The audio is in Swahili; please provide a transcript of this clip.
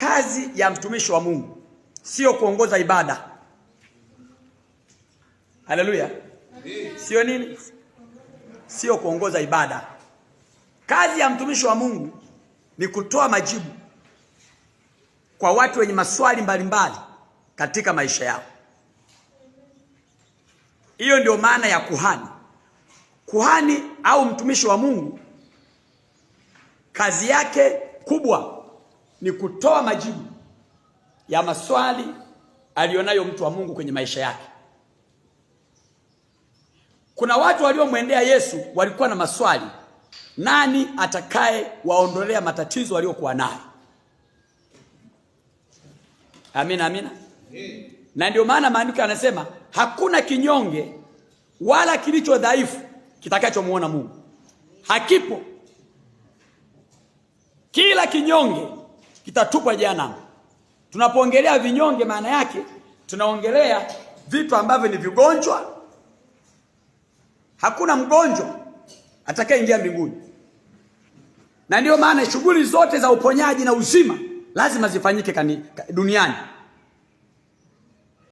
Kazi ya mtumishi wa Mungu sio kuongoza ibada. Haleluya! Sio nini? Sio kuongoza ibada. Kazi ya mtumishi wa Mungu ni kutoa majibu kwa watu wenye maswali mbalimbali mbali katika maisha yao. Hiyo ndio maana ya kuhani. Kuhani au mtumishi wa Mungu kazi yake kubwa ni kutoa majibu ya maswali alionayo mtu wa Mungu kwenye maisha yake. Kuna watu waliomwendea Yesu walikuwa na maswali, nani atakaye waondolea matatizo waliokuwa nayo? Amina, amina. Na ndio maana maandiko yanasema hakuna kinyonge wala kilicho dhaifu kitakachomuona Mungu, hakipo. Kila kinyonge kitatupwa jehanamu. Tunapoongelea vinyonge, maana yake tunaongelea vitu ambavyo ni vigonjwa. Hakuna mgonjwa atakayeingia mbinguni, na ndiyo maana shughuli zote za uponyaji na uzima lazima zifanyike duniani.